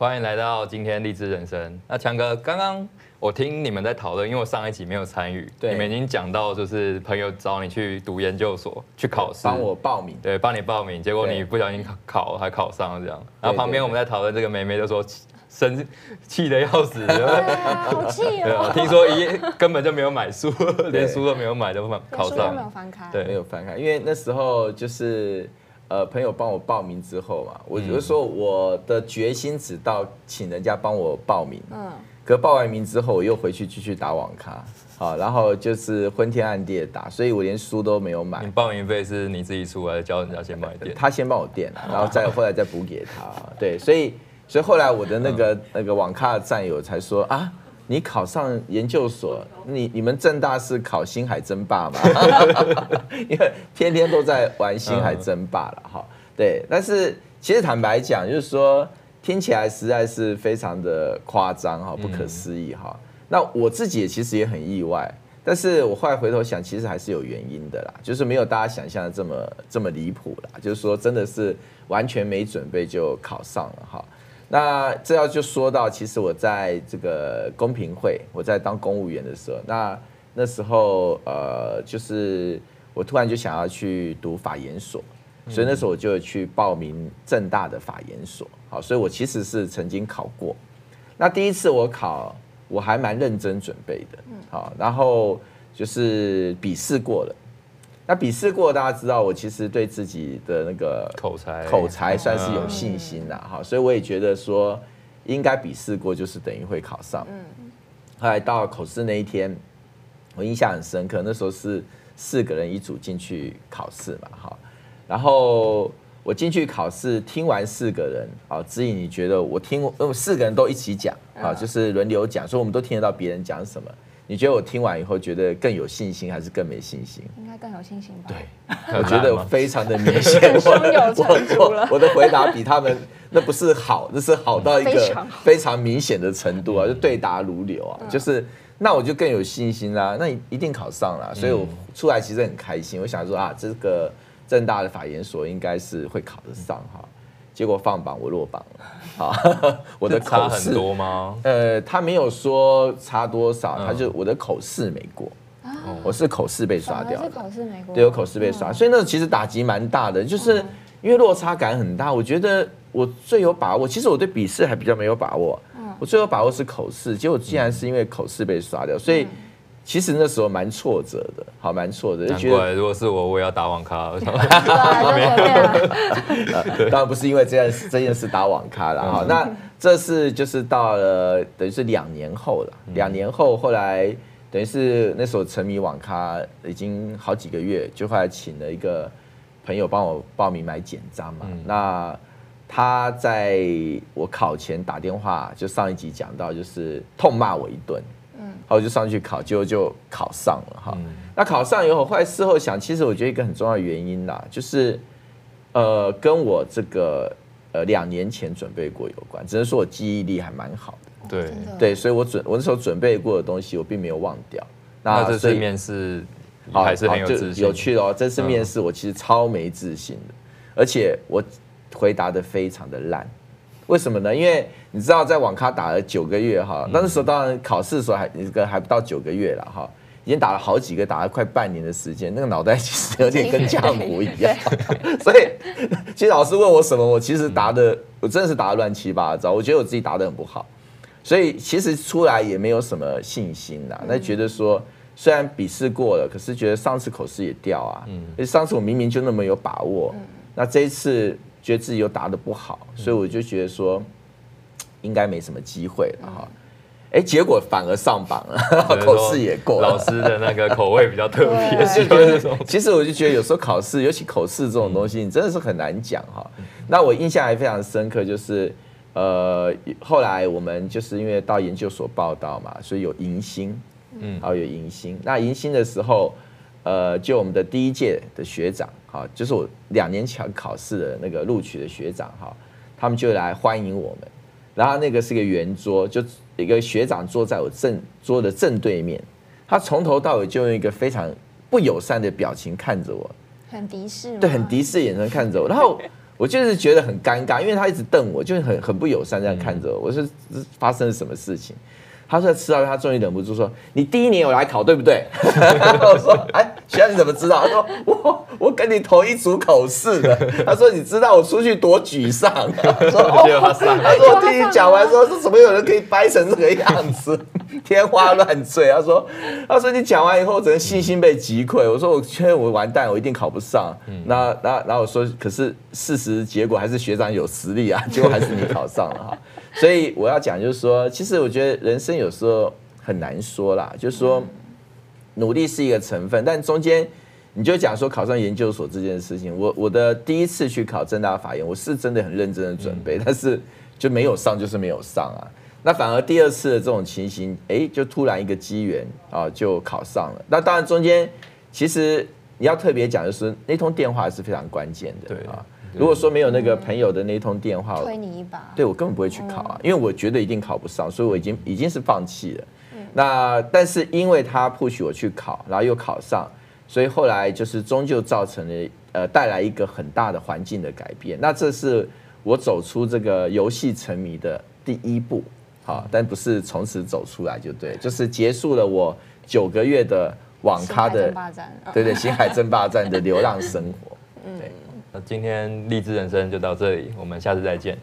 歡迎來到今天荔枝人生。那強哥，剛剛我聽你們在討論，因為我上一集沒有參與，你們已經講到就是朋友找你去讀研究所，去考試，幫我報名，對，幫你報名，結果你不小心考還考上了這樣。然後旁邊我們在討論這個妹妹就說生氣得要死，對啊，好氣哦，聽說一根本就沒有買書，連書都沒有買，都沒考上，書都沒有翻開，對，沒有翻開，因為那時候就是。呃，朋友幫我報名之後嘛，我就說我的決心只到請人家幫我報名。嗯，可報完名之後，我又回去繼續打網咖，好、啊，然後就是昏天暗地的打，所以我連書都沒有買。你報名費是你自己出，還是叫人家先買？他先幫我墊，然後再後來再補給他。對，所以所以後來我的那個、嗯、那個網咖的戰友才說啊。你考上研究所，你你們政大是考星海爭霸嗎？ 因為天天都在玩星海爭霸了哈。對，但是其實坦白講，就是說聽起來實在是非常的誇張哈，不可思議哈。那我自己也其實也很意外，但是我後來回頭想，其實還是有原因的啦，就是沒有大家想象的這麼這麼離譜啦，就是說真的是完全沒準備就考上了哈。那這要就說到，其實我在這個公平會，我在當公務員的時候，那那時候呃，就是我突然就想要去讀法研所，所以那時候我就去報名政大的法研所，好，所以我其實是曾經考過，那第一次我考，我還蠻認真準備的，嗯，好，然後就是筆試過了。那筆試過，大家知道，我其實對自己的那個口才口才算是有信心的哈，所以我也覺得說應該筆試過就是等於會考上。嗯。後來到口試那一天，我印象很深刻，那時候是四個人一組進去考試嘛，哈。然後我進去考試，聽完四個人，啊，知易你覺得我聽，四個人都一起講，啊，就是輪流講，所以我們都聽得到別人講什麼。你覺得我聽完以後覺得更有信心還是更沒信心？應該更有信心吧。對，我覺得非常的明顯，我的回答比他們那不是好，那是好到一個非常明顯的程度啊，就對答如流啊，嗯、就是那我就更有信心啦，啊，那你一定考上啦，啊。所以我出來其實很開心。我想說啊，這個政大的法研所應該是會考得上哈。結果放榜，我落榜了。 我的口很多嗎？呃，他沒有說差多少，他就我的口試沒過。我是口試被刷掉。是口試沒過。對，有口試被刷，所以那其實打擊蠻大的，就是因為落差感很大。我覺得我最有把握，其實我對筆試還比較沒有把握。我最有把握是口試，結果竟然是因為口試被刷掉，所以。其實那時候蠻挫折的，好，蠻挫折的，如果是我，我也要打網咖。 啊、當然不是因為這件事，這件事打網咖了哈。 那這是就是到了，等於是兩年後了。兩、嗯、年後，後來等於是那時候沉迷網咖已經好幾個月，就後來請了一個朋友幫我報名買簡章嘛、嗯。那他在我考前打電話，就上一集講到，就是痛罵我一頓。然後就上去考，結果就考上了哈、嗯。那考上以後，後來事後想，其實我覺得一個很重要的原因啦、啊，就是呃，跟我這個呃兩年前準備過有關。只能說我記憶力還蠻好的，對對，所以我準我那時候準備過的東西，我並沒有忘掉。那，那這次面試還是很有自信。有趣的哦，這次面試我其實超沒自信的，嗯、而且我回答的非常的爛。為什麼呢？因為你知道，在網咖打了九個月哈，那、嗯嗯、時候當然考試的時候還一個還不到九個月了哈，已經打了好幾個，打了快半年的時間，那個腦袋其實有點跟漿糊一樣，對對 所以其實老師問我什麼，我其實答的、嗯嗯、我真的是答的亂七八糟，我覺得我自己答的很不好，所以其實出來也沒有什麼信心那、嗯嗯、覺得說雖然筆試過了，可是覺得上次口試也掉啊，嗯，上次我明明就那麼有把握，嗯，嗯，那這一次。覺得自己又答得不好，所以我就覺得說，應該沒什麼機會了哈。哎、嗯欸，結果反而上榜了，嗯、口試也過了。老師的那個口味比較特別、嗯就是，其實我就覺得有時候考試，尤其口試這種東西，你、嗯、真的是很難講哈、喔。那我印象還非常深刻，就是呃，後來我們就是因為到研究所報到嘛，所以有迎新，嗯，然後有迎新、嗯。那迎新的時候。呃，就我們的第一屆的學長，哈，就是我兩年前考試的那個錄取的學長，哈，他們就來歡迎我們。然後那個是個圓桌，就一個學長坐在我正桌的正對面，他從頭到尾就用一個非常不友善的表情看着我，很敵視嗎？對，很敵視的眼神看着我。然後我，我就是覺得很尷尬，因為他一直瞪我，就是很很不友善這樣看着我。嗯，我說，發生了什麼事情？他說：“吃到，他終於忍不住說，你第一年有來考，對不對？” 然後我說：“哎、欸，學校你怎麼知道？”他說：“我我跟你同一組口試的。”他說：“你知道我出去多沮喪。他說”哦、 他說：“我聽你講完，說這怎麼有人可以掰成這個樣子？” 天花亂墜，他說，他說你講完以後，我整個信心被擊潰。我說，我確認我完蛋，我一定考不上。嗯、那那那我說，可是事實結果還是學長有實力啊，結果還是你考上了哈。 所以我要講就是說，其實我覺得人生有時候很難說啦，就是說努力是一個成分，但中間你就講說考上研究所這件事情，我我的第一次去考政大法研，我是真的很認真的準備，嗯、但是就沒有上，就是沒有上啊。那反而第二次的這種情形，哎、欸，就突然一個機緣啊，就考上了。那當然中間其實你要特別講，就是那通電話是非常關鍵的啊。如果說沒有那個朋友的那通電話，嗯、推你一把，對我根本不會去考啊，嗯、因為我覺得一定考不上，所以我已經已經是放棄了。嗯、那但是因為他 push 我去考，然後又考上，所以後來就是終究造成了呃帶來一個很大的環境的改變。那這是我走出這個遊戲沉迷的第一步。好，但不是從此走出來就對，就是結束了我九個月的網咖的對，對對，星海爭霸戰的流浪生活。對，嗯、那今天荔枝人生就到這裡，我們下次再見。